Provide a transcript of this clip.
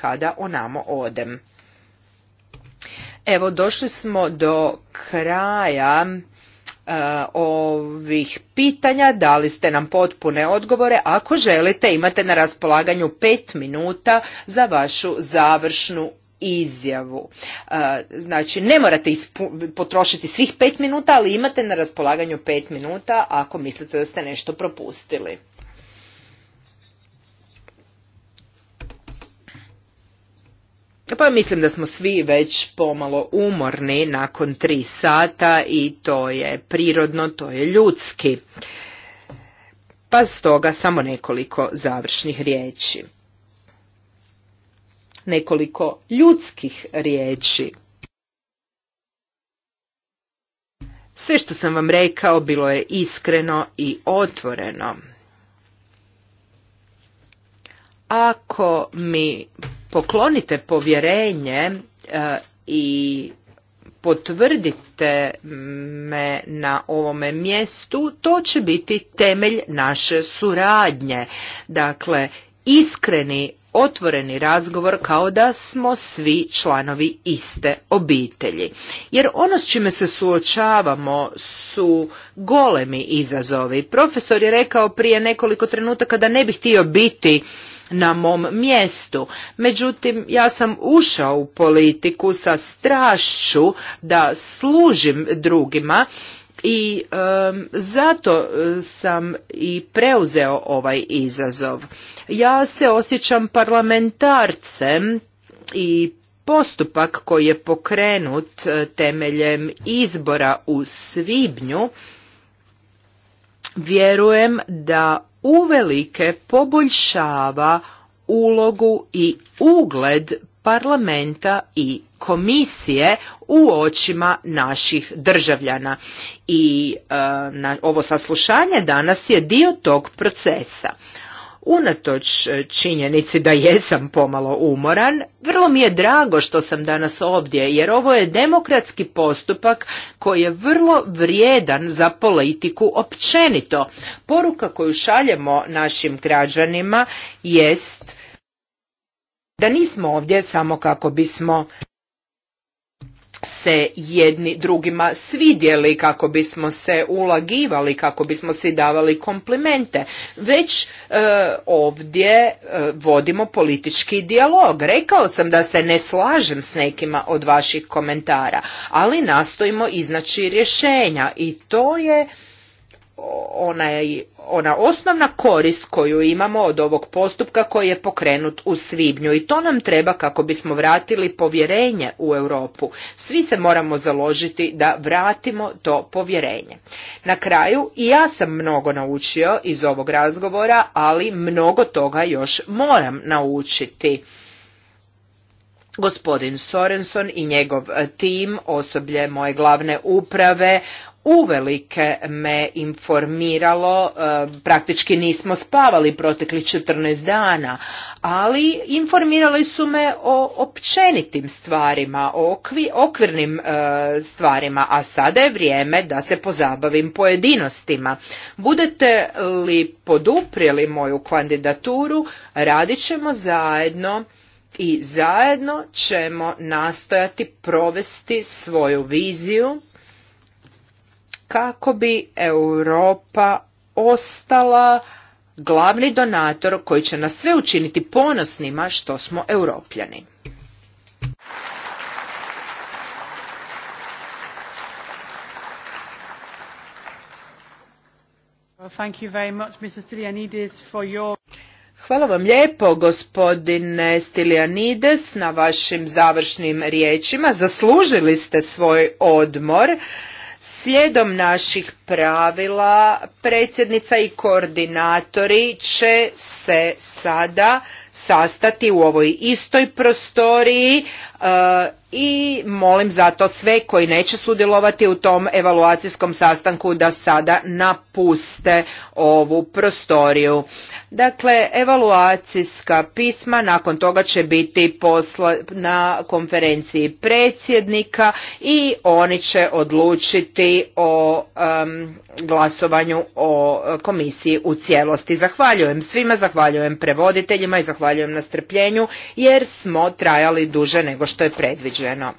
kada onamo odem. Evo došli smo do kraja e, ovih pitanja, dali ste nam potpune odgovore. Ako želite, imate na raspolaganju pet minuta za vašu završnu izjavu. E, znači, ne morate potrošiti svih pet minuta, ali imate na raspolaganju pet minuta ako mislite da ste nešto propustili. pa mislim da smo svi već pomalo umorni nakon tri sata i to je prirodno, to je ljudski. Pa stoga samo nekoliko završnih riječi. Nekoliko ljudskih riječi. Sve što sam vam rekao bilo je iskreno i otvoreno. Ako mi poklonite povjerenje e, i potvrdite me na ovome mjestu, to će biti temelj naše suradnje. Dakle, iskreni, otvoreni razgovor kao da smo svi članovi iste obitelji. Jer ono s čime se suočavamo su golemi izazovi. Profesor je rekao prije nekoliko trenutaka da ne bi htio biti na mom mjestu. Međutim, ja sam ušao u politiku sa strašću da služim drugima i zato eh, sam i preuzeo ovaj izazov. Ja se osjećam parlamentarcem i postupak koji je pokrenut eh, temeljem izbora u svibnju vjerujem da uvelike poboljšava ulogu i ugled parlamenta i komisije u očima naših državljana i e, ovo saslušanje danas je dio tog procesa Unatoč e, činjenici da jesam pomalo umoran, vrlo mi je drago što sam danas ovdje, jer ovo je demokratski postupak koji je vrlo vrijedan za politiku općenito. Poruka koju šaljemo našim građanima jest da nismo ovdje samo kako bismo se jedni drugima svidjeli, kako bismo se ulagivali, kako bismo si davali komplimente. Već e, ovdje e, vodimo politički dijalog. Rekao sam da se ne slažem s nekima od vaših komentara, ali nastojimo iznaći rješenja i to je onaj, ona osnovna korist koju imamo od ovog postupka koji je pokrenut u svibnju i to nam treba kako bismo vratili povjerenje u Europu. Svi se moramo založiti da vratimo to povjerenje. Na kraju i ja sam mnogo naučio iz ovog razgovora, ali mnogo toga još moram naučiti gospodin Sorenson i njegov tim, osoblje moje glavne uprave, uvelike me informiralo, e, praktički nismo spavali proteklih 14 dana, ali informirali su me o općenitim stvarima, o okvirnim e, stvarima, a sada je vrijeme da se pozabavim pojedinostima. Budete li poduprijeli moju kandidaturu, radit ćemo zajedno i zajedno ćemo nastojati provesti svoju viziju kako bi Europa ostala glavni donator koji će nas sve učiniti ponosnima što smo europljani. Hvala vam lijepo gospodine Stilianides na vašim završnim riječima. Zaslužili ste svoj odmor. Slijedom naših pravila predsjednica i koordinatori će se sada sastati u ovoj istoj prostoriji e, i molim zato sve koji neće sudjelovati u tom evaluacijskom sastanku da sada napuste ovu prostoriju. Dakle, evaluacijska pisma nakon toga će biti posla na konferenciji predsjednika i oni će odlučiti o glasovanju o komisiji u cijelosti. Zahvaljujem svima, zahvaljujem prevoditeljima i zahvaljujem zahvaljujem na strpljenju jer smo trajali duže nego što je predviđeno.